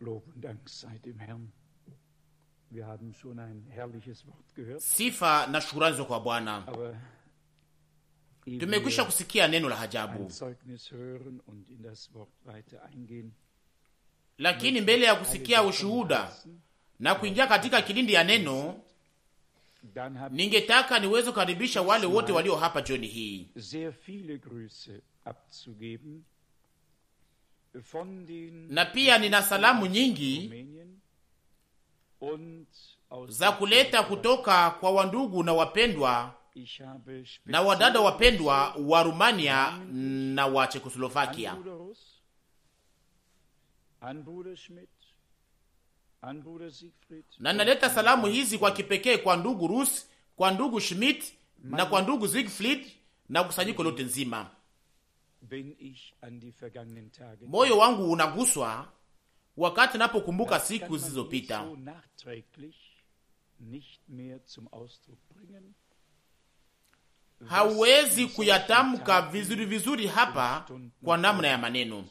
Lob und Dank sei dem Herrn. Wir haben schon ein herrliches Wort gehört. Sifa na shukrani kwa Bwana. Tumekwisha kusikia neno la ajabu, lakini mbele ya kusikia ushuhuda na kuingia katika kilindi ya neno, ningetaka niweze kukaribisha wale wote walio hapa jioni hii na pia nina salamu nyingi za kuleta kutoka kwa wandugu na wapendwa na wadada wapendwa wa Rumania na wa Chekoslovakia, na naleta salamu hizi kwa kipekee kwa ndugu Rus, kwa ndugu Schmidt na kwa ndugu Siegfried na kusanyiko lote nzima. Moyo wangu unaguswa wakati napokumbuka siku zilizopita. Hauwezi kuyatamka vizuri vizuri hapa kwa namna ya maneno,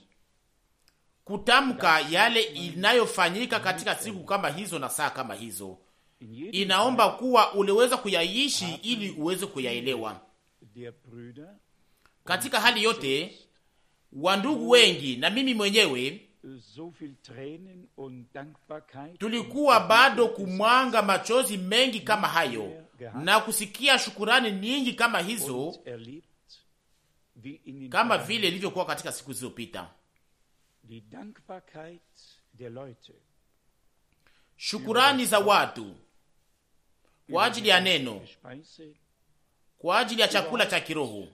kutamka yale inayofanyika katika siku kama hizo na saa kama hizo. Inaomba kuwa uliweza kuyaishi ili uweze kuyaelewa. Katika hali yote, wandugu wengi na mimi mwenyewe tulikuwa bado kumwanga machozi mengi kama hayo na kusikia shukurani nyingi kama hizo, kama vile ilivyokuwa katika siku zilizopita. Shukurani za watu kwa ajili ya neno, kwa ajili ya chakula cha kiroho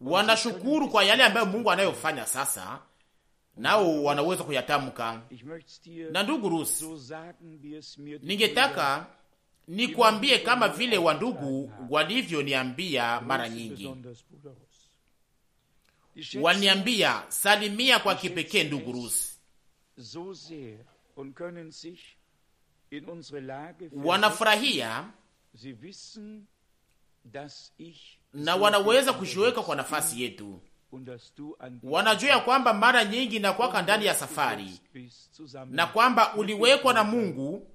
wanashukuru kwa yale ambayo Mungu anayofanya sasa, nao wanaweza kuyatamka. Na ndugu Rus, ningetaka nikwambie kama vile wandugu walivyoniambia mara nyingi, waniambia salimia kwa kipekee ndugu Rus wanafurahia na wanaweza kujiweka kwa nafasi yetu. Wanajua ya kwamba mara nyingi nakwaka ndani ya safari na kwamba uliwekwa na Mungu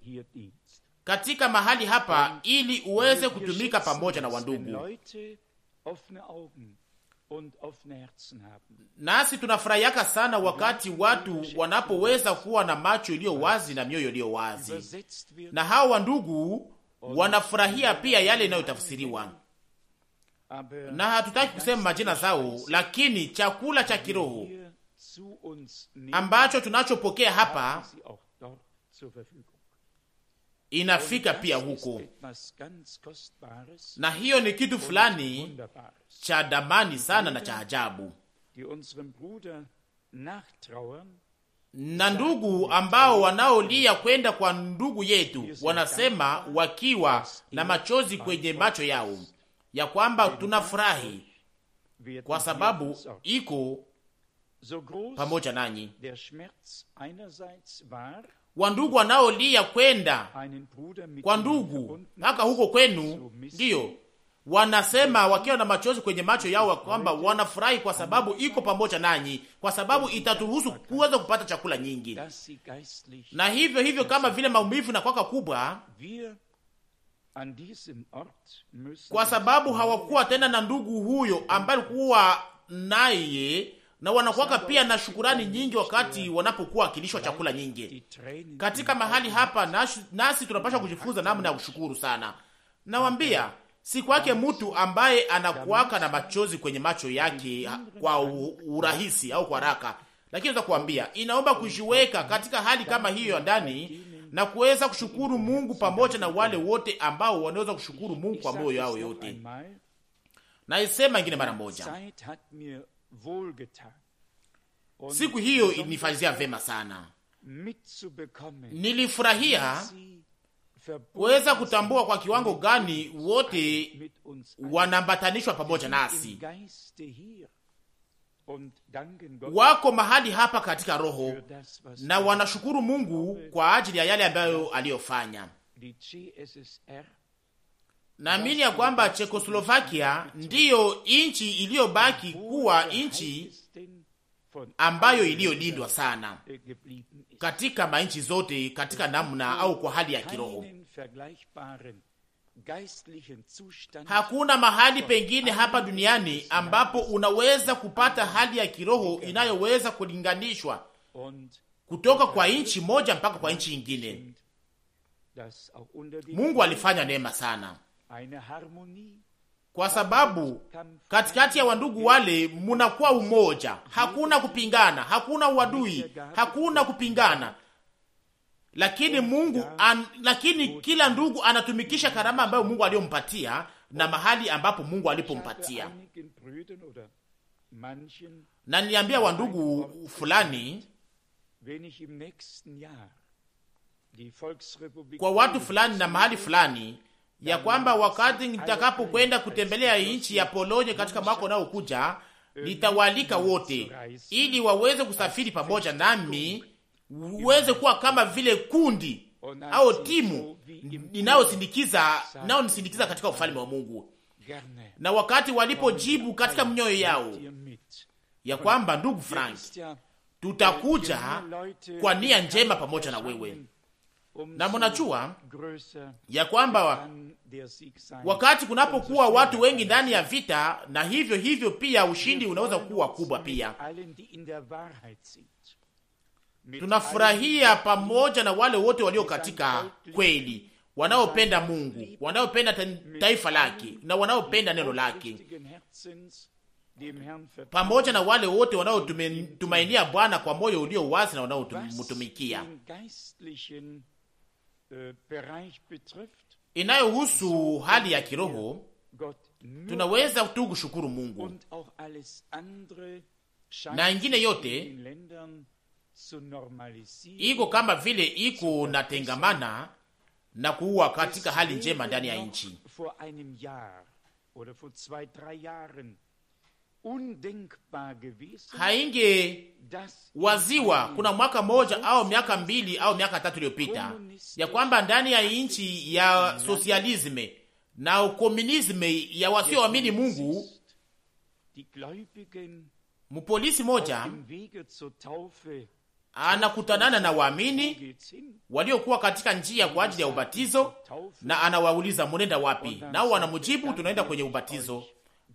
katika mahali hapa ili uweze kutumika pamoja na wandugu Nasi tunafurahiaka sana wakati watu wanapoweza kuwa na macho iliyo wazi na mioyo iliyo wazi, na hawa wandugu wanafurahia pia yale inayotafsiriwa, na hatutaki kusema majina zao, lakini chakula cha kiroho ambacho tunachopokea hapa inafika pia huko, na hiyo ni kitu fulani cha damani sana na cha ajabu. Na ndugu ambao wanaolia kwenda kwa ndugu yetu wanasema wakiwa na machozi kwenye macho yao ya kwamba tunafurahi kwa sababu iko pamoja nanyi wa ndugu wanaolia kwenda kwa ndugu mpaka huko kwenu, ndiyo wanasema wakiwa na machozi kwenye macho yao kwamba wanafurahi kwa sababu iko pamoja nanyi, kwa sababu itaturuhusu kuweza kupata chakula nyingi. Na hivyo hivyo, kama vile maumivu na kwaka kubwa, kwa sababu hawakuwa tena na ndugu huyo ambaye alikuwa naye na wanakuwaka pia na shukurani nyingi wakati wanapokuwa wakilishwa chakula nyingi. Katika mahali hapa nasi, nasi tunapaswa kujifunza namna ya kushukuru sana. Nawambia si kwake mtu ambaye anakuwaka na machozi kwenye macho yake kwa urahisi au kwa haraka, lakini naweza kuambia inaomba kujiweka katika hali kama hiyo ndani na kuweza kushukuru Mungu pamoja na wale wote ambao wanaweza kushukuru Mungu kwa moyo yao yote. Naisema ingine mara moja, Siku hiyo ilinifanyizia vema sana, nilifurahia kuweza kutambua kwa kiwango gani wote wanaambatanishwa pamoja nasi, wako mahali hapa katika roho na wanashukuru Mungu kwa ajili ya yale ambayo aliyofanya. Naamini ya kwamba Chekoslovakia ndiyo nchi iliyobaki kuwa nchi ambayo iliyolindwa sana katika manchi zote, katika namna au kwa hali ya kiroho. Hakuna mahali pengine hapa duniani ambapo unaweza kupata hali ya kiroho inayoweza kulinganishwa kutoka kwa nchi moja mpaka kwa nchi ingine Mungu alifanya neema sana kwa sababu katikati ya wandugu wale munakuwa umoja, hakuna kupingana, hakuna uadui, hakuna kupingana. Lakini Mungu an, lakini kila ndugu anatumikisha karama ambayo Mungu aliyompatia na mahali ambapo Mungu alipompatia. Na niambia wandugu fulani kwa watu fulani na mahali fulani ya kwamba wakati nitakapokwenda kutembelea nchi ya Polonia katika mwaka unaokuja, uh, nitawalika wote ili waweze kusafiri pamoja nami, uweze kuwa kama vile kundi au timu inayosindikiza inayonisindikiza katika ufalme wa Mungu. Na wakati walipojibu katika mnyoyo yao ya kwamba ndugu Frank, tutakuja uh, uh, kwa nia njema pamoja na wewe na mnajua ya kwamba wakati kunapokuwa watu wengi ndani ya vita, na hivyo hivyo pia ushindi unaweza kuwa kubwa pia. Tunafurahia pamoja na wale wote walio katika kweli, wanaopenda Mungu, wanaopenda taifa lake na wanaopenda neno lake, pamoja na wale wote wanaotumainia Bwana kwa moyo ulio wazi na wanaomtumikia Euh, inayohusu hali ya kiroho, tunaweza tu kushukuru Mungu na ingine yote iko kama vile iko natengamana na kuwa katika hali njema ndani ya nchi hainge waziwa kuna mwaka mmoja au miaka mbili au miaka tatu iliyopita ya kwamba ndani ya nchi ya sosialisme na ukomunisme ya wasioamini Mungu, mpolisi moja anakutanana na waamini waliokuwa katika njia kwa ajili ya ubatizo, na anawauliza munenda wapi? Nao wanamujibu er, tunaenda kwenye ubatizo,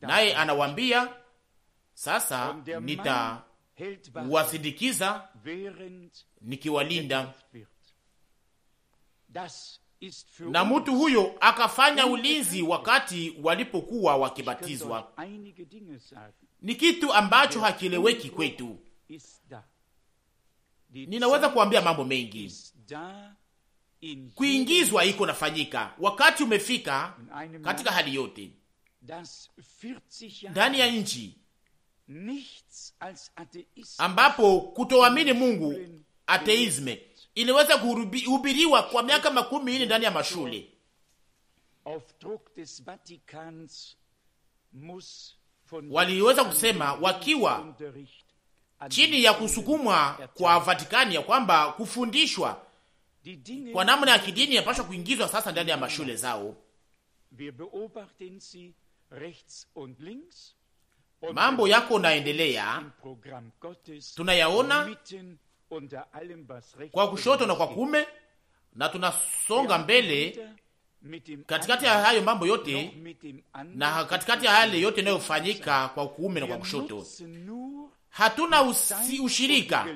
naye anawambia sasa nitawasindikiza nikiwalinda. Na mtu huyo akafanya ulinzi wakati walipokuwa wakibatizwa. Ni kitu ambacho hakieleweki kwetu. Ninaweza kuambia mambo mengi. Kuingizwa iko nafanyika, wakati umefika katika hali yote ndani ya nchi ambapo kutoamini Mungu, ateisme, iliweza kuhubiriwa kwa miaka makumi ine ndani ya mashule waliweza kusema wakiwa chini ya kusukumwa kwa Vatikani ya kwamba kufundishwa kwa namna ya kidini yapashwa kuingizwa sasa ndani ya mashule zao mambo yako naendelea, tunayaona kwa kushoto na kwa kuume, na tunasonga mbele katikati ya hayo mambo yote na katikati ya hali yote inayofanyika kwa kuume na kwa kushoto. Hatuna usi, ushirika,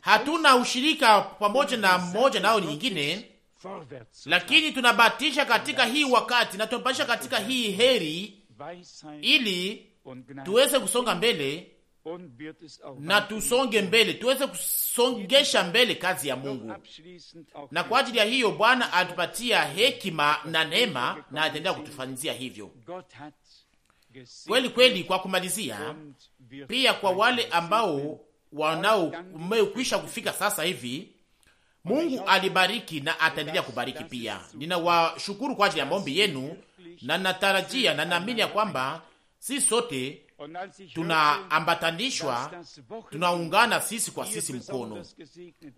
hatuna ushirika pamoja na mmoja nao ni nyingine, lakini tunabatisha katika hii wakati na tunabatisha katika hii heri ili tuweze kusonga mbele na tusonge mbele, tuweze kusongesha mbele kazi ya Mungu. Na kwa ajili ya hiyo Bwana atupatia hekima na neema, na ataendelea kutufanyizia hivyo kweli kweli. Kwa kumalizia, pia kwa wale ambao wanao umekwisha kufika sasa hivi, Mungu alibariki na ataendelea kubariki pia. Ninawashukuru kwa ajili ya maombi yenu na natarajia na naamini ya kwamba sisi sote tunaambatanishwa, tunaungana sisi kwa sisi mkono.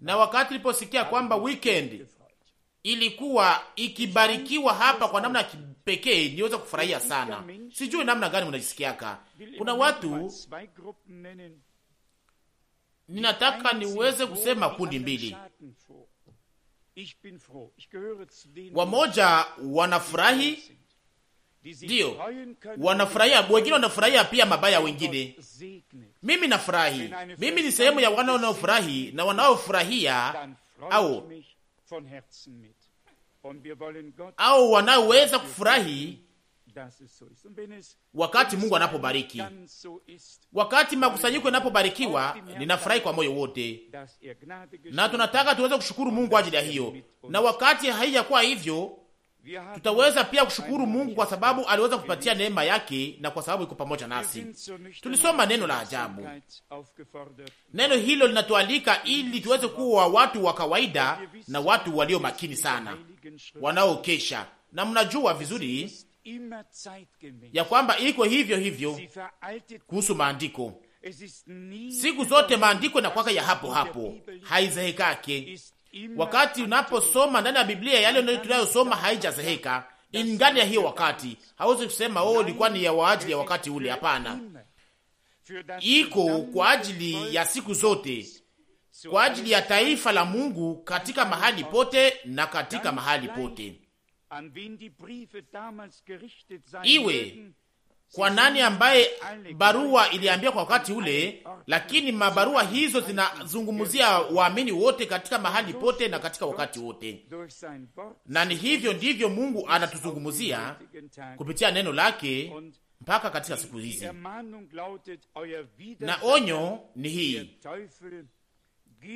Na wakati niliposikia kwamba weekend ilikuwa ikibarikiwa hapa kwa namna ya kipekee, niweza kufurahia sana. Sijui namna gani mnajisikiaka. Kuna watu ninataka niweze kusema kundi mbili, wamoja wanafurahi Ndiyo, wanafurahia wengine, wanafurahia pia mabaya wengine. Mimi nafurahi, mimi ni sehemu ya wana wanaofurahi na wanaofurahia au au wanaoweza kufurahi wakati Mungu anapobariki, wakati makusanyiko yanapobarikiwa, ninafurahi kwa moyo wote, na tunataka tuweze kushukuru Mungu ajili ya hiyo, na wakati haijakuwa hivyo tutaweza pia kushukuru Mungu kwa sababu aliweza kupatia neema yake na kwa sababu iko pamoja nasi. Tulisoma neno la ajabu. Neno hilo linatualika ili tuweze kuwa watu wa kawaida na watu walio makini sana, wanaokesha. Na mnajua vizuri ya kwamba iko hivyo hivyo kuhusu maandiko, siku zote maandiko inakwaka ya hapo hapo, haizehekake Wakati unaposoma ndani ya Biblia yale tunayosoma haijazeheka ingani ya hiyo wakati, hawezi kusema oh, ilikuwa ni ya waajili ya wakati ule. Hapana, iko kwa ajili ya siku zote, kwa ajili ya taifa la Mungu katika mahali pote na katika mahali pote, iwe kwa nani ambaye barua iliambia kwa wakati ule, lakini mabarua hizo zinazungumzia waamini wote katika mahali pote na katika wakati wote, na ni hivyo ndivyo Mungu anatuzungumzia kupitia neno lake mpaka katika siku hizi, na onyo ni hii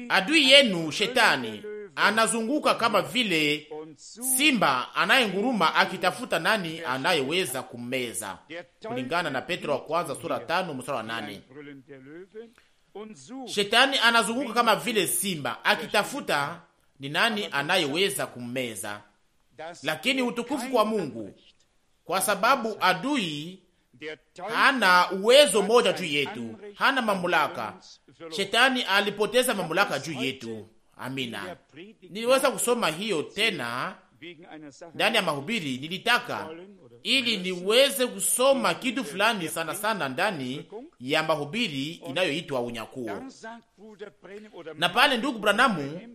Adui yenu shetani anazunguka kama vile simba anayenguruma akitafuta nani anayeweza kumeza, kulingana na Petro wa kwanza sura tano mstari wa nane. Shetani anazunguka kama vile simba akitafuta ni nani anayeweza kumeza, lakini utukufu kwa Mungu, kwa sababu adui hana uwezo moja juu yetu, hana mamulaka. Shetani alipoteza mamulaka juu yetu. Amina. Niliweza kusoma hiyo tena ndani ya mahubiri, nilitaka ili niweze kusoma kitu fulani sana sana ndani ya mahubiri inayoitwa unyakuo, na pale ndugu Branamu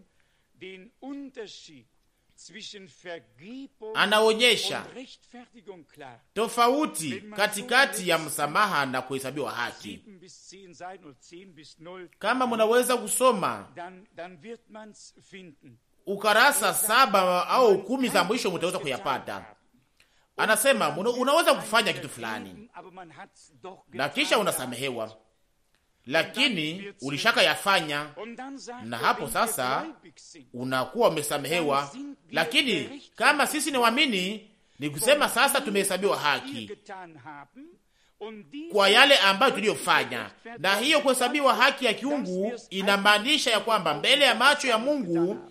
anaonyesha tofauti katikati ya msamaha na kuhesabiwa haki. Kama munaweza kusoma ukarasa saba au kumi za mwisho, mutaweza kuyapata. Anasema unaweza kufanya kitu fulani na kisha unasamehewa lakini ulishaka yafanya, na hapo sasa unakuwa umesamehewa. Lakini kama sisi ni waamini, ni kusema sasa tumehesabiwa haki kwa yale ambayo tuliyofanya, na hiyo kuhesabiwa haki ya kiungu inamaanisha ya kwamba mbele ya macho ya Mungu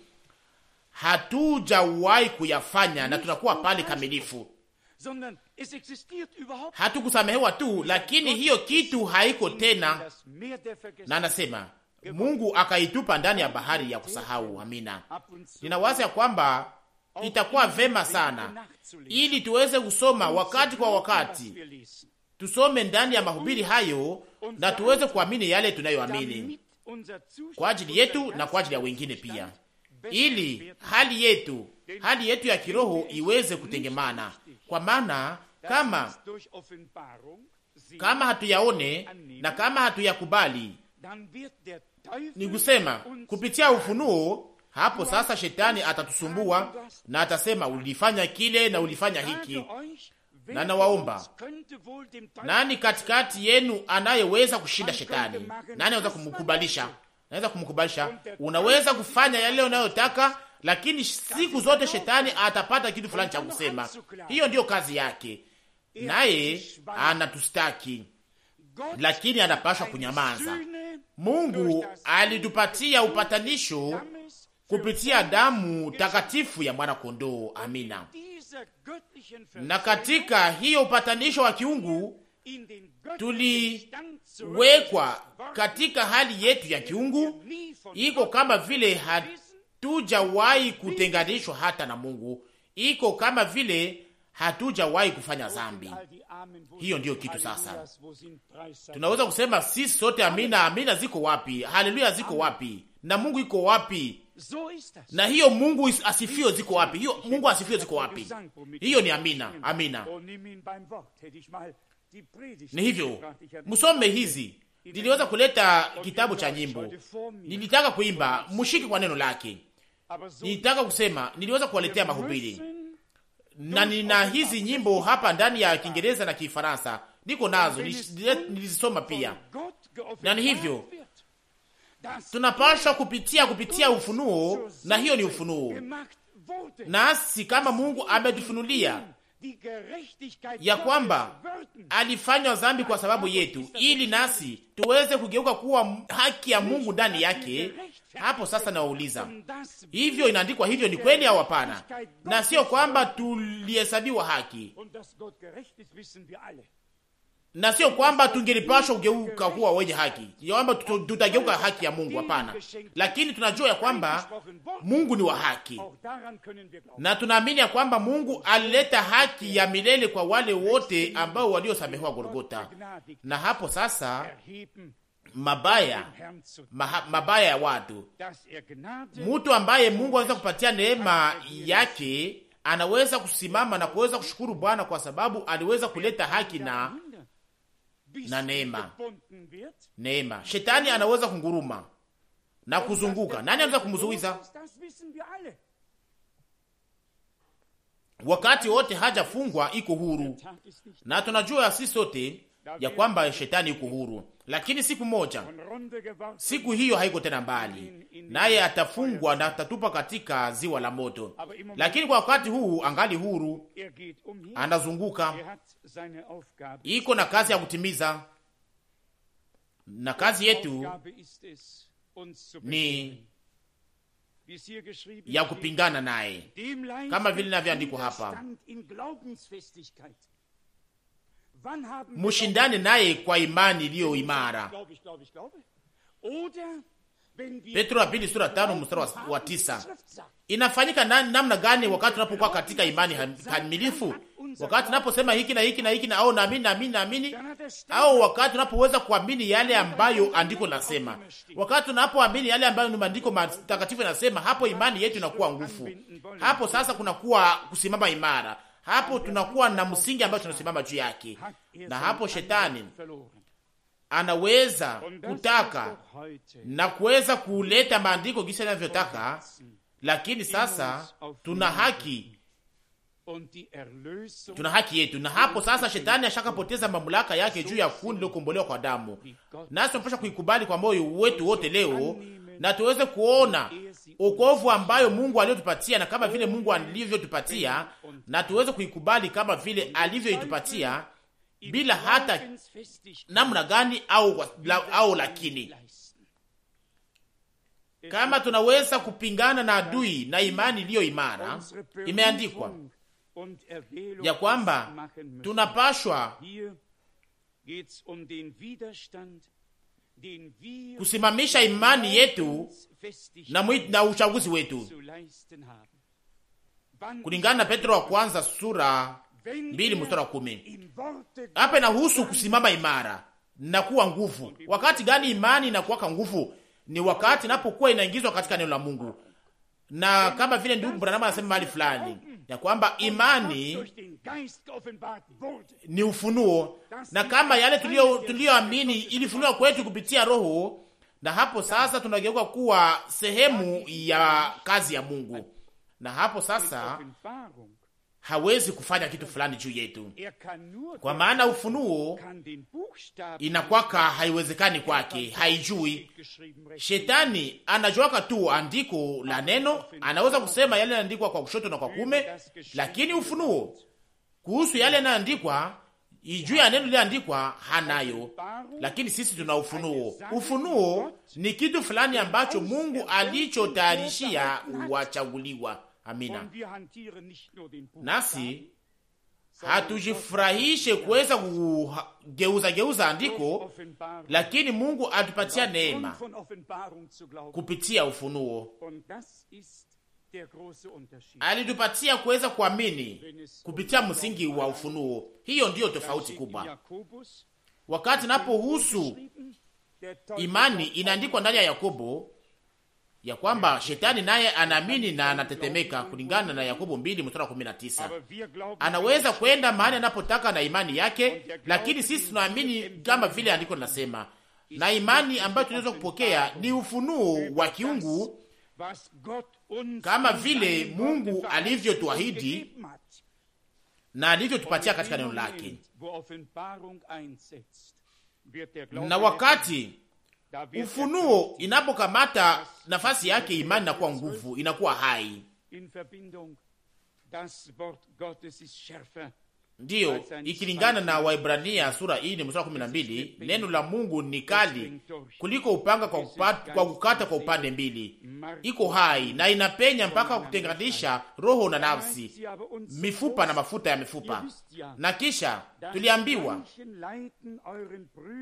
hatujawahi kuyafanya na tunakuwa pale kamilifu hatukusamehewa tu, lakini hiyo kitu haiko tena, na anasema Mungu akaitupa ndani ya bahari ya kusahau. Amina. Ninawaza ya kwamba itakuwa vema sana ili tuweze kusoma wakati kwa wakati, tusome ndani ya mahubiri hayo na tuweze kuamini yale tunayoamini kwa ajili yetu na kwa ajili ya wengine pia, ili hali yetu hali yetu ya kiroho iweze kutengemana, kwa maana kama kama hatuyaone na kama hatuyakubali, ni kusema kupitia ufunuo hapo sasa shetani atatusumbua na atasema, ulifanya kile na ulifanya hiki. Na nawaomba, nani katikati yenu anayeweza kushinda shetani? Nani anaweza kumkubalisha? Naweza kumkubalisha, unaweza kufanya yale unayotaka lakini siku zote shetani atapata kitu fulani cha kusema. Hiyo ndiyo kazi yake, naye anatustaki, lakini anapashwa kunyamaza. Mungu alitupatia upatanisho kupitia damu takatifu ya mwana kondoo. Amina. Na katika hiyo upatanisho wa kiungu tuliwekwa katika hali yetu ya kiungu, iko kama vile tujawahi kutenganishwa hata na Mungu, iko kama vile hatujawahi kufanya dhambi. Hiyo ndiyo kitu sasa tunaweza kusema sisi sote amina. Amina ziko wapi? Haleluya ziko wapi? na Mungu iko wapi? na hiyo Mungu asifio ziko wapi? hiyo Mungu asifio ziko wapi? Hiyo ni amina, amina. Ni hivyo, msome hizi. Niliweza kuleta kitabu cha nyimbo, nilitaka kuimba, mshike kwa neno lake nitaka kusema niliweza kuwaletea mahubiri na nina hizi nyimbo hapa ndani ya Kiingereza na Kifaransa, niko nazo nilizisoma pia. Na ni hivyo tunapashwa kupitia kupitia ufunuo, na hiyo ni ufunuo, nasi kama Mungu ametufunulia ya kwamba alifanywa dhambi kwa sababu yetu, ili nasi tuweze kugeuka kuwa haki ya Mungu ndani yake hapo sasa nawauliza, hivyo inaandikwa hivyo, ni kweli au hapana? Na sio kwamba tulihesabiwa haki na sio kwamba tungelipashwa kugeuka kuwa wenye haki, kwamba tutageuka haki ya Mungu. Hapana, lakini tunajua ya kwamba Mungu ni wa haki, oh, na tunaamini ya kwamba Mungu alileta haki ya milele kwa wale wote ambao waliosamehewa Golgota, na hapo sasa mabaya maha, mabaya ya watu. Mtu ambaye Mungu anaweza kupatia neema yake anaweza kusimama na kuweza kushukuru Bwana kwa sababu aliweza kuleta haki na na neema. Neema. Shetani anaweza kunguruma na kuzunguka. Nani anaweza kumzuiza? Wakati wote hajafungwa, iko huru, na tunajua sisi sote ya kwamba shetani iko huru lakini siku moja, siku hiyo haiko tena mbali, naye atafungwa na atatupa katika ziwa la moto. Lakini kwa wakati huu angali huru, er um anazunguka, er iko na kazi ya kutimiza, na kazi yetu ni ya kupingana naye, kama vile inavyoandikwa hapa mushindane naye kwa imani iliyo imara. Petro wa pili sura tano mstari wa tisa. Inafanyika na, namna gani wakati tunapokuwa katika imani kamilifu? Wakati tunaposema hiki na hiki na hiki na au naamini naamini naamini, au wakati tunapoweza kuamini yale ambayo andiko nasema, wakati tunapoamini yale ambayo ni maandiko matakatifu yanasema, hapo imani yetu inakuwa nguvu. Hapo sasa kunakuwa kusimama imara hapo tunakuwa na msingi ambayo tunasimama juu yake, na hapo shetani anaweza kutaka na kuweza kuleta maandiko gisa anavyotaka, lakini sasa tuna haki tuna haki yetu, na hapo sasa shetani ashakapoteza mamlaka yake juu ya kundi lilokombolewa kwa damu, nasi tunapasha kuikubali kwa moyo wetu wote leo na tuweze kuona ukovu ambayo Mungu aliyotupatia na kama vile Mungu alivyotupatia, na tuweze kuikubali kama vile alivyoitupatia bila hata namna gani au, au lakini kama tunaweza kupingana na adui na imani iliyo imara, imeandikwa ya kwamba tunapashwa kusimamisha imani yetu na, na uchaguzi wetu kulingana na Petro wa kwanza sura mbili mstari wa kumi. Hapa inahusu kusimama imara na kuwa nguvu. Wakati gani imani inakuwaka nguvu? Ni wakati inapokuwa inaingizwa katika neno la Mungu, na kama vile ndugu Branham anasema mahali fulani ya kwamba imani ni ufunuo, na kama yale tuliyoamini ilifunua kwetu kupitia Roho, na hapo sasa tunageuka kuwa sehemu ya kazi ya Mungu, na hapo sasa hawezi kufanya kitu fulani juu yetu, er kwa maana ufunuo inakwaka haiwezekani er kwake, haijui. Shetani anajuaka tu andiko la neno, anaweza kusema yale yanaandikwa kwa kushoto na kwa kume, lakini ufunuo kuhusu yale yanayoandikwa ijuu ya er neno liliandikwa hanayo. Lakini sisi tuna ufunuo. Ufunuo ni kitu fulani ambacho Mungu alichotayarishia wachaguliwa Amina. Nasi hatujifurahishe kuweza kugeuza geuza andiko, lakini Mungu atupatia neema kupitia ufunuo, alitupatia kuweza kuamini kupitia um msingi wa ufunuo. Hiyo ndiyo tofauti kubwa. Wakati napohusu imani inaandikwa ndani ya Yakobo ya kwamba shetani naye anaamini na anatetemeka, kulingana na Yakobo 219 Anaweza kwenda mahali anapotaka na imani yake, lakini sisi tunaamini kama vile andiko linasema, na imani ambayo tunaweza kupokea ni ufunuo wa kiungu kama vile Mungu alivyotuahidi na alivyotupatia katika neno lake, na wakati ufunuo inapokamata nafasi yake, imani inakuwa nguvu, inakuwa hai ndiyo ikilingana na Waibrania sura hii ni mstari kumi na mbili neno la Mungu ni kali kuliko upanga kwa, kwa kukata kwa upande mbili, iko hai na inapenya mpaka kutenganisha roho na nafsi, mifupa na mafuta ya mifupa. Na kisha tuliambiwa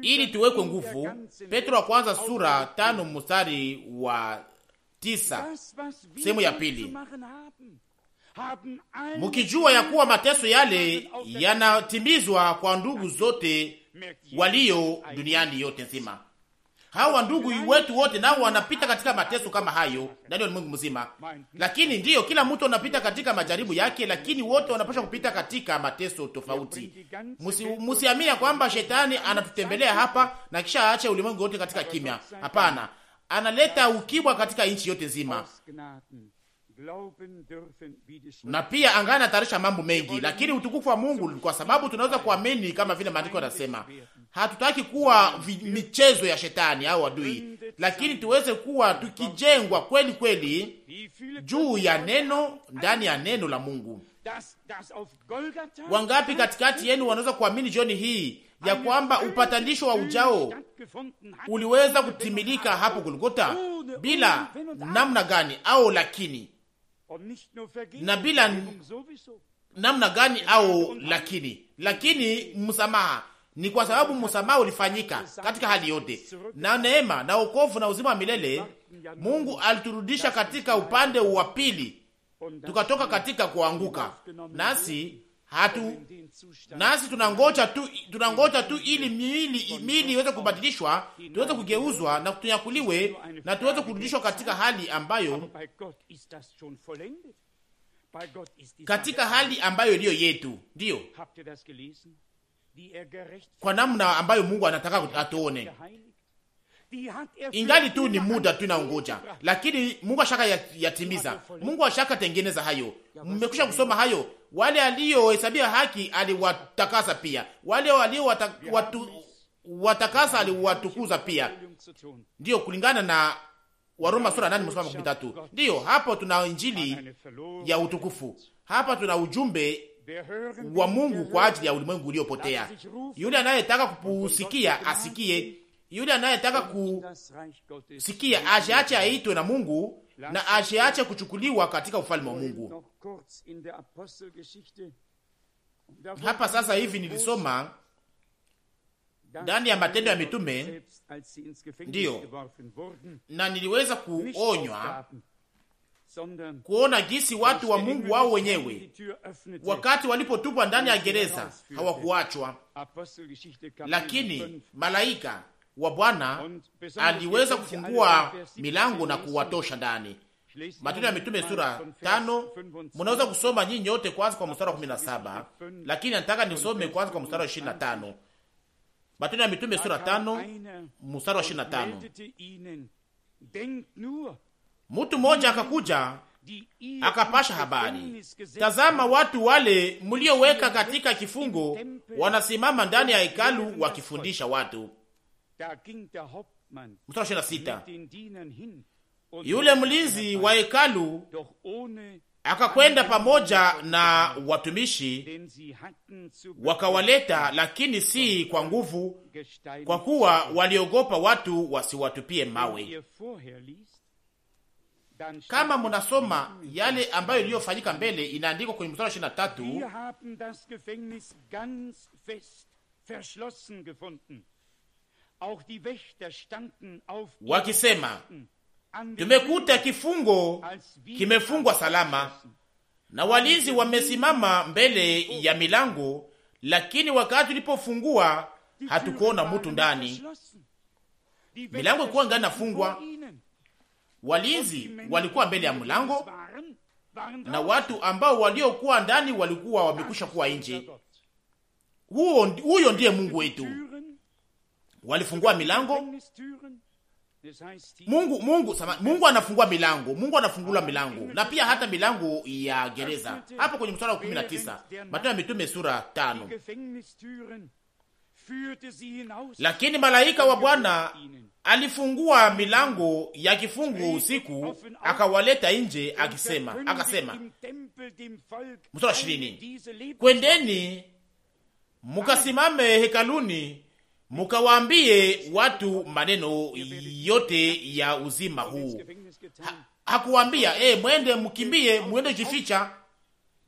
ili tuwekwe nguvu, Petro wa kwanza sura tano mstari wa tisa sehemu ya pili mukijua ya kuwa mateso yale yanatimizwa kwa ndugu zote walio duniani yote nzima. Hawa ndugu wetu wote nao wanapita katika mateso kama hayo ndani ya ulimwengu mzima, lakini ndiyo, kila mtu anapita katika majaribu yake, lakini wote wanapaswa kupita katika mateso tofauti. Musiamia kwamba shetani anatutembelea hapa na kisha aache ulimwengu wote katika kimya. Hapana, analeta ukibwa katika nchi yote nzima na pia angali anatayarisha mambo mengi, lakini utukufu wa Mungu kwa sababu tunaweza kuamini kama vile maandiko yanasema. Hatutaki kuwa michezo ya shetani au adui, lakini tuweze kuwa tukijengwa kweli kweli juu ya neno, ndani ya neno la Mungu. Wangapi katikati yenu wanaweza kuamini jioni hii ya kwamba upatanisho wa ujao uliweza kutimilika hapo Golgota bila namna gani au lakini na bila namna gani au lakini, lakini msamaha ni kwa sababu msamaha ulifanyika katika hali yote, na neema na wokovu na uzima wa milele. Mungu aliturudisha katika upande wa pili, tukatoka katika kuanguka, nasi hatu nasi tunangoja tu, tunangoja tu ili miili miili iweze kubadilishwa, tuweze kugeuzwa na kutunyakuliwe na tuweze kurudishwa katika hali ambayo katika hali ambayo iliyo yetu, ndiyo er kwa namna ambayo Mungu anataka atuone ingali tu ni muda tu inaongoja, lakini Mungu ashaka yatimiza. Mungu ashaka tengeneza hayo. Mmekusha kusoma hayo, wale aliohesabia haki aliwatakasa pia, wale watakasa aliwatukuza pia, ndiyo kulingana na Waroma sura nane mstari makumi tatu. Ndiyo hapo tuna injili ya utukufu, hapa tuna ujumbe wa Mungu kwa ajili ya ulimwengu uliopotea. Yule anayetaka kupusikia asikie yule anayetaka kusikia asheache aitwe na Mungu na asheache kuchukuliwa katika ufalme wa Mungu. Hapa sasa hivi nilisoma ndani ya Matendo ya Mitume, ndiyo, na niliweza kuonywa kuona jinsi watu wa Mungu wao wenyewe wakati walipotupwa ndani ya gereza hawakuachwa, lakini malaika wa Bwana aliweza kufungua milango na kuwatosha ndani. Matendo ya Mitume sura tano munaweza kusoma nyinyi nyote kwanza kwa mstari wa kumi na saba lakini nataka nisome kwanza kwa mstari wa ishirini na tano Matendo ya Mitume sura tano mstari wa ishirini na tano Mtu mmoja akakuja akapasha habari, tazama, watu wale mlioweka katika kifungo wanasimama ndani ya hekalu wakifundisha watu mstari ishirini na sita yule mlinzi wa hekalu akakwenda pamoja na watumishi wakawaleta, lakini si kwa nguvu, kwa kuwa waliogopa watu wasiwatupie mawe. Kama munasoma yale ambayo iliyofanyika mbele, inaandikwa kwenye mstari ishirini na tatu wakisema, tumekuta kifungo kimefungwa salama, na walinzi wamesimama mbele ya milango, lakini wakati ulipofungua hatukuona mutu ndani. Milango ilikuwa ngani nafungwa, walinzi walikuwa mbele ya mlango na watu ambao waliokuwa ndani walikuwa wamekwisha kuwa nje. Huyo ndiye Mungu wetu walifungua milango. Mungu Mungu sama, Mungu anafungua milango, Mungu anafungula milango na pia hata milango ya gereza. Hapo kwenye mstari wa kumi na tisa Matendo ya Mitume sura tano. lakini malaika wa Bwana alifungua milango ya kifungu usiku, akawaleta nje, akisema akasema, mstari wa 20, kwendeni mukasimame hekaluni mukawaambie watu maneno yote ya uzima huu. Ha, hakuwambia eh, mwende mkimbie, mwende jificha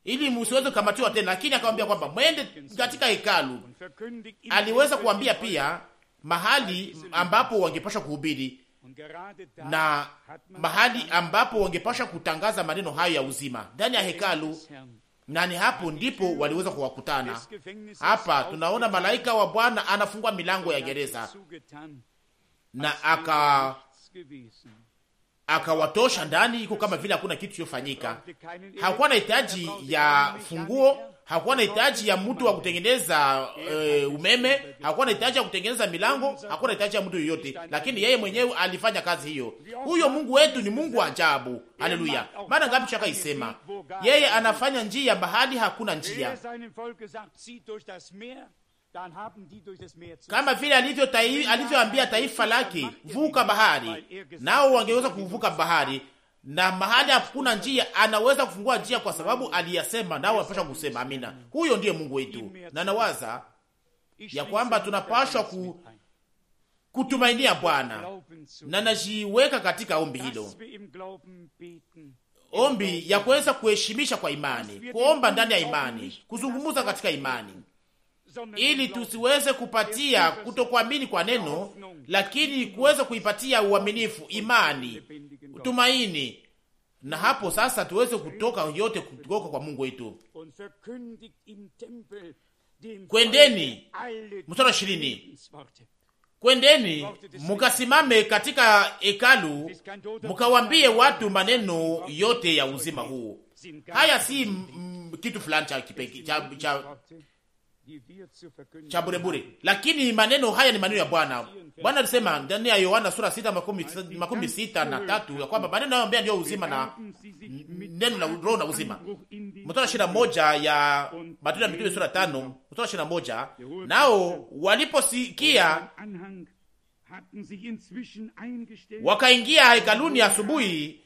ili msiweze kukamatiwa tena, lakini akawambia kwamba mwende katika hekalu. Aliweza kuambia pia mahali ambapo wangepasha kuhubiri na mahali ambapo wangepasha kutangaza maneno hayo ya uzima ndani ya hekalu na ni hapo ndipo waliweza kuwakutana. Hapa tunaona malaika wa Bwana anafungua milango ya gereza na aka akawatosha ndani, iko kama vile hakuna kitu kilichofanyika. Hakuwa na hitaji ya funguo, hakuwa na hitaji ya mtu wa kutengeneza uh, umeme, hakuwa na hitaji ya kutengeneza milango, hakuwa na hitaji ya mtu yoyote, lakini yeye mwenyewe alifanya kazi hiyo. Huyo Mungu wetu ni Mungu wa ajabu, haleluya! Mara ngapi chaka isema yeye anafanya njia bahali hakuna njia, kama vile alivyoambia taifa lake, vuka bahari, er nao wangeweza kuvuka bahari na mahali hakuna njia anaweza kufungua njia, kwa sababu aliyasema nao wanapasha kusema. Amina, huyo ndiye Mungu wetu, na nawaza ya kwamba tunapashwa ku, kutumainia Bwana na najiweka katika ombi hilo, ombi ya kuweza kuheshimisha kwa imani, kuomba ndani ya imani, kuzungumuza katika imani ili tusiweze kupatia kutokuamini kwa neno, lakini kuweze kuipatia uaminifu, imani, tumaini, na hapo sasa tuweze kutoka yote kutoka kwa Mungu wetu. Kwendeni, mstari ishirini. Kwendeni mukasimame katika hekalu mukawambie watu maneno yote ya uzima huu. Haya si m, kitu fulani cha, cha, cha, cha burebure, lakini maneno haya ni maneno ya Bwana. Bwana alisema ndani ya Yohana sura sita makumi makumi sita na tatu ya kwamba maneno nayoambea ndiyo uzima na neno la roho na uzima. Mstari ishirini na moja ya Matendo ya Mitume sura tano mstari ishirini na moja nao waliposikia wakaingia hekaluni asubuhi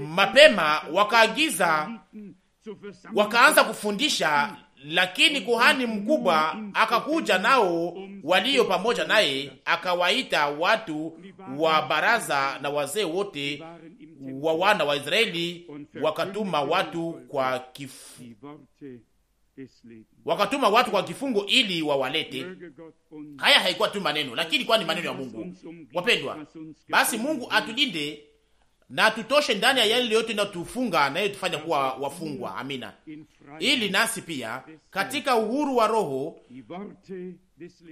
mapema, wakaagiza wakaanza kufundisha lakini kuhani mkubwa akakuja nao walio pamoja naye, akawaita watu wa baraza na wazee wote wa wana wa Israeli, wakatuma watu kwa kifu, wakatuma watu kwa kifungo ili wawalete. Haya haikuwa tu maneno, lakini kwa ni maneno ya Mungu. Wapendwa, basi Mungu atulinde na tutoshe ndani ya yale yote na tufunga naye tufanya kuwa wafungwa. Amina, ili nasi pia katika uhuru wa Roho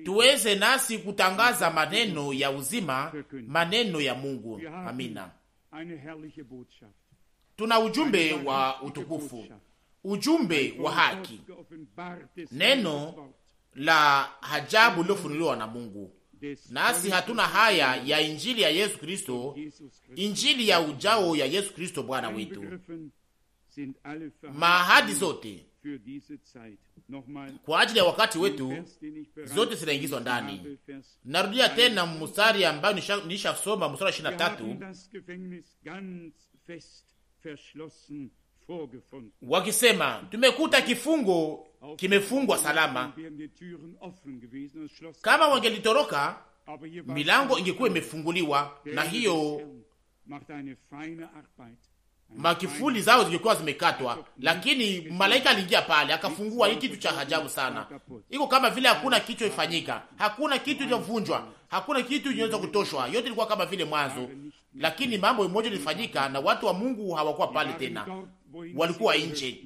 tuweze nasi kutangaza maneno ya uzima, maneno ya Mungu. Amina, tuna ujumbe wa utukufu, ujumbe wa haki, neno la hajabu lilofunuliwa na Mungu nasi hatuna haya ya injili ya Yesu Kristo, injili ya ujao ya Yesu Kristo Bwana wetu. Mahadi zote kwa ajili ya wakati wetu zote zinaingizwa ndani. Narudia tena mstari ambayo nishasoma, mstari wa ishirini na tatu wakisema, tumekuta kifungo kimefungwa salama. Kama wangelitoroka milango ingekuwa imefunguliwa, na hiyo makifuli zao zingekuwa zimekatwa, lakini malaika aliingia pale akafungua. Hii kitu cha ajabu sana, iko kama vile hakuna kitu ifanyika, hakuna kitu ilovunjwa, hakuna kitu inaweza kutoshwa, yote ilikuwa kama vile mwanzo. Lakini mambo moja ilifanyika, na watu wa Mungu hawakuwa pale tena, walikuwa nje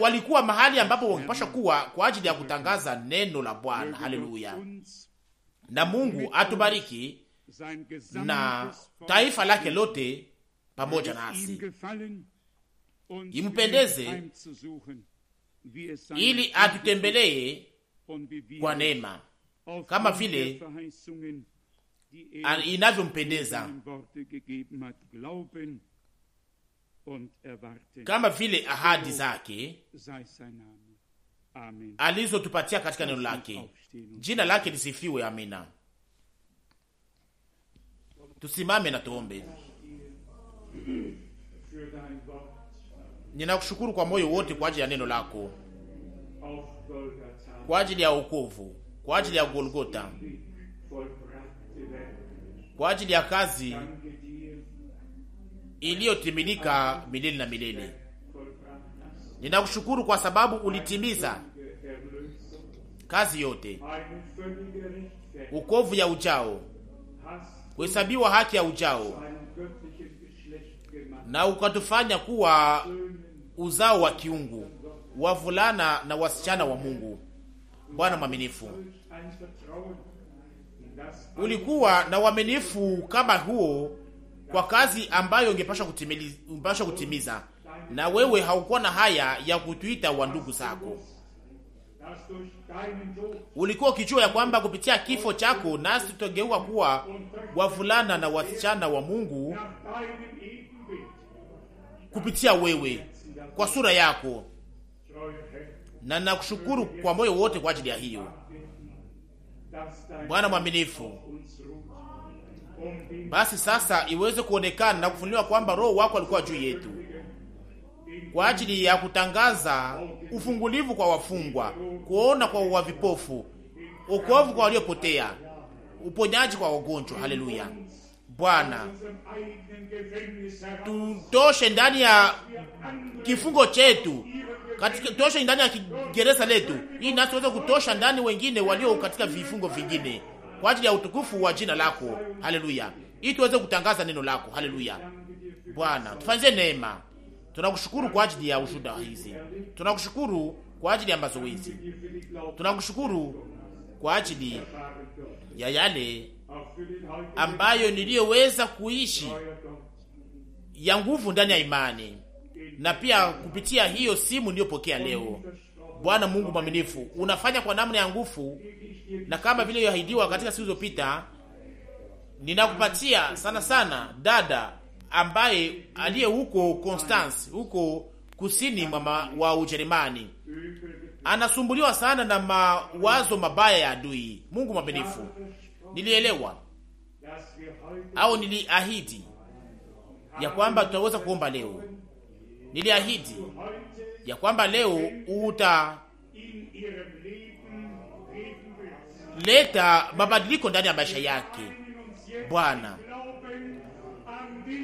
walikuwa mahali ambapo wangepasha kuwa kwa ajili ya kutangaza neno la Bwana. Haleluya! Na Mungu atubariki na taifa lake lote pamoja nasi, impendeze ili atutembelee kwa neema kama vile inavyompendeza. Er kama vile ahadi zake alizotupatia katika neno lake. Jina lake lisifiwe, amina. Tusimame na tuombe. Ninakushukuru kwa moyo wote kwa ajili ya neno lako, kwa ajili ya wokovu, kwa ajili ya Golgota, kwa ajili ya kazi iliyotimilika milele na milele. Ninakushukuru kwa sababu ulitimiza kazi yote, ukovu ya ujao, kuhesabiwa haki ya ujao, na ukatufanya kuwa uzao wa kiungu, wavulana na wasichana wa Mungu. Bwana mwaminifu, ulikuwa na uaminifu kama huo kwa kazi ambayo ungepashwa kutimiza, kutimiza, na wewe haukuwa na haya ya kutuita wa ndugu zako. Ulikuwa ukijua ya kwamba kupitia kifo chako nasi tutageuka kuwa wavulana na wasichana wa Mungu kupitia wewe kwa sura yako, na nakushukuru kwa moyo wote kwa ajili ya hiyo, Bwana mwaminifu basi sasa iweze kuonekana na kufunuliwa kwamba Roho wako alikuwa juu yetu kwa ajili ya kutangaza ufungulivu kwa wafungwa, kuona kwa wavipofu, ukovu kwa waliopotea, uponyaji kwa wagonjwa. Haleluya! Bwana, tutoshe ndani ya kifungo chetu katika, tutoshe ndani ya gereza letu, ili nasi tuweze kutosha ndani wengine walio katika vifungo vingine kwa ajili ya utukufu wa jina lako. Haleluya, ili tuweze kutangaza neno lako. Haleluya Bwana, tufanyie neema. Tunakushukuru kwa ajili ya ushuda hizi, tunakushukuru kwa ajili ya mazoezi, tunakushukuru kwa ajili ya yale ambayo niliyoweza kuishi ya nguvu ndani ya imani na pia kupitia hiyo simu niliyopokea leo. Bwana Mungu mwaminifu, unafanya kwa namna ya nguvu na kama vile yoahidiwa katika siku zilizopita. Ninakupatia sana sana dada ambaye aliye huko Constance, huko kusini mama wa Ujerumani, anasumbuliwa sana na mawazo mabaya ya adui. Mungu mwaminifu, nilielewa au niliahidi ya kwamba tutaweza kuomba leo. Niliahidi ya kwamba leo leta mabadiliko ndani ya maisha yake. Bwana,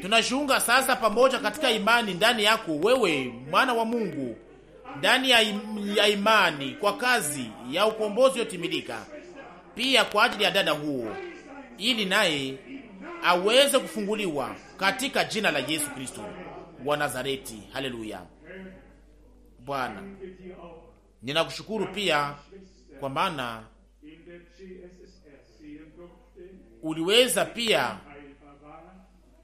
tunajiunga sasa pamoja katika imani ndani yako wewe, mwana wa Mungu, ndani ya, im, ya imani kwa kazi ya ukombozi uliotimilika, pia kwa ajili ya dada huo, ili naye aweze kufunguliwa katika jina la Yesu Kristo wa Nazareti. Haleluya. Bwana, ninakushukuru pia kwa maana uliweza pia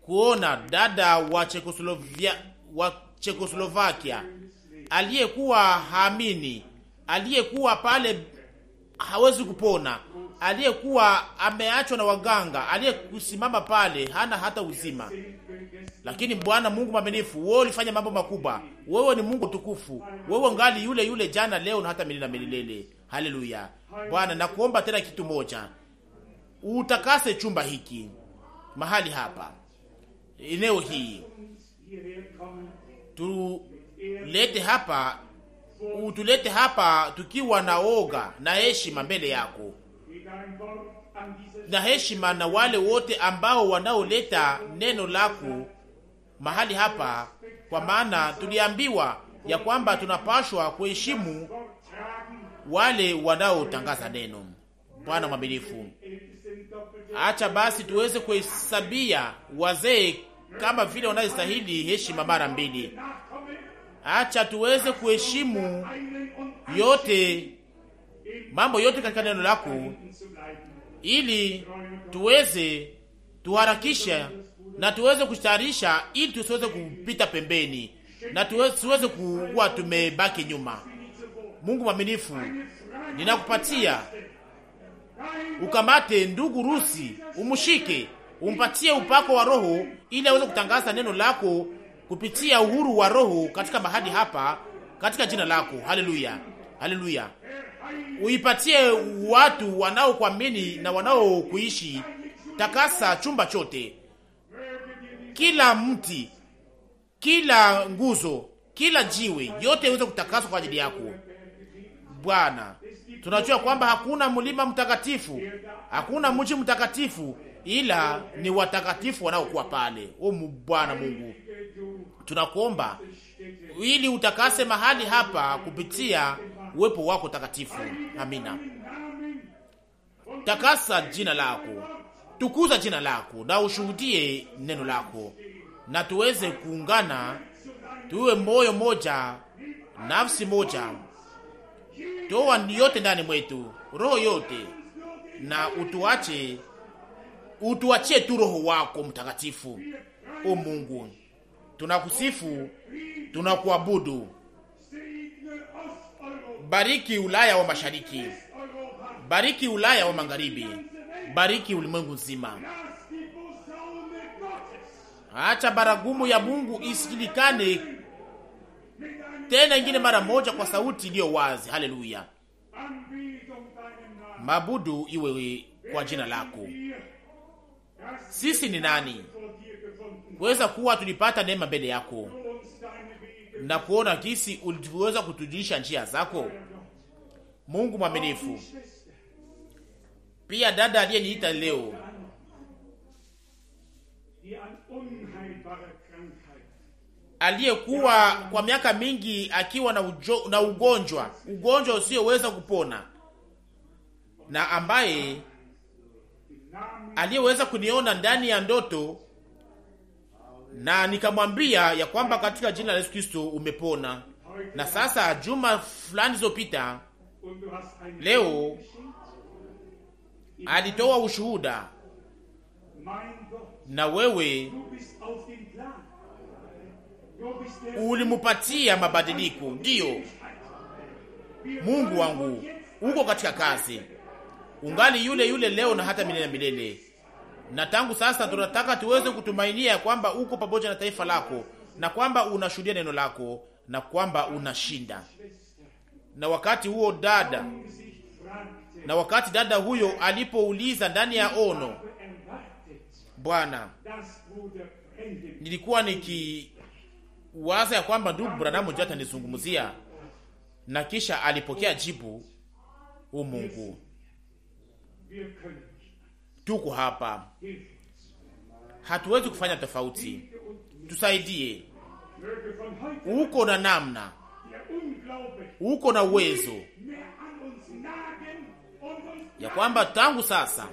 kuona dada wa Chekoslovia, wa Chekoslovakia aliyekuwa haamini, aliyekuwa pale hawezi kupona, aliyekuwa ameachwa na waganga, aliyekusimama pale hana hata uzima. Lakini Bwana Mungu mwaminifu, wewe ulifanya mambo makubwa. Wewe ni Mungu tukufu, wewe ngali yule yule jana, leo na hata milele na milele. Haleluya Bwana, nakuomba tena kitu moja, utakase chumba hiki, mahali hapa, eneo hii, tulete hapa, utulete hapa tukiwa na oga na heshima mbele yako na heshima na wale wote ambao wanaoleta neno lako mahali hapa, kwa maana tuliambiwa ya kwamba tunapashwa kuheshimu wale wanaotangaza neno. Bwana mwaminifu, acha basi tuweze kuhesabia wazee kama vile wanayostahili heshima mara mbili. Acha tuweze kuheshimu yote mambo yote katika neno lako, ili tuweze tuharakisha na tuweze kustarisha, ili tusiweze kupita pembeni na tusiweze kuwa tumebaki nyuma. Mungu mwaminifu, ninakupatia ukamate ndugu Rusi, umshike, umpatie upako wa Roho ili aweze kutangaza neno lako kupitia uhuru wa Roho katika mahali hapa, katika jina lako. Haleluya, haleluya uipatie watu wanaokuamini na wanaokuishi. Takasa chumba chote, kila mti, kila nguzo, kila jiwe, yote iweze kutakaswa kwa ajili yako Bwana. Tunajua kwamba hakuna mlima mtakatifu, hakuna mji mtakatifu, ila ni watakatifu wanaokuwa pale. O Bwana Mungu, tunakuomba ili utakase mahali hapa kupitia uwepo wako takatifu. Amina. Takasa jina lako, tukuza jina lako, na ushuhudie neno lako, na tuweze kuungana, tuwe moyo moja, nafsi moja, toa yote ndani mwetu, roho yote, na utuache, utuachie tu roho wako mtakatifu. O Mungu, tunakusifu, tunakuabudu bariki Ulaya wa mashariki, bariki Ulaya wa magharibi, bariki ulimwengu nzima. Acha baragumu ya Mungu isikilikane tena ingine mara moja kwa sauti iliyo wazi. Haleluya! mabudu iwe kwa jina lako. Sisi ni nani kuweza kuwa tulipata neema mbele yako? na kuona gisi uliweza kutujulisha njia zako. Mungu mwaminifu. Pia dada aliyeniita leo aliyekuwa kwa miaka mingi akiwa na, ujo, na ugonjwa ugonjwa usioweza kupona na ambaye aliyeweza kuniona ndani ya ndoto na nikamwambia ya kwamba katika jina la Yesu Kristo umepona. Na sasa juma fulani zilizopita, leo alitoa ushuhuda, na wewe ulimupatia mabadiliko. Ndiyo, Mungu wangu uko katika kazi, ungali yule yule leo na hata milele na milele na tangu sasa tunataka tuweze kutumainia kwamba uko pamoja na taifa lako na kwamba unashuhudia neno lako na kwamba unashinda. Na wakati huo dada, na wakati dada huyo alipouliza ndani ya ono, Bwana, nilikuwa nikiwaza ya kwamba ndugu Branamu ndio atanizungumzia, na kisha alipokea jibu, u Mungu tuko hapa, hatuwezi kufanya tofauti. Tusaidie, uko na namna, uko na uwezo ya kwamba tangu sasa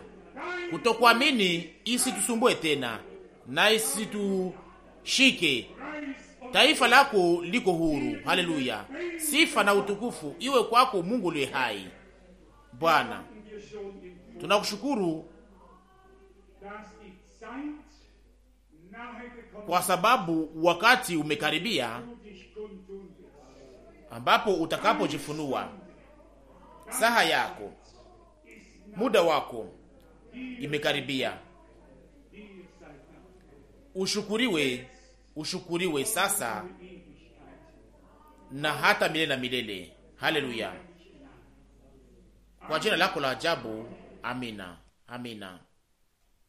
kutokuamini isitusumbue tena na isitushike. Taifa lako liko huru. Haleluya! Sifa na utukufu iwe kwako, Mungu uliye hai. Bwana, tunakushukuru kwa sababu wakati umekaribia ambapo utakapojifunua. Saha yako, muda wako imekaribia. Ushukuriwe, ushukuriwe sasa na hata milele na milele. Haleluya, kwa jina lako la ajabu. Amina, amina.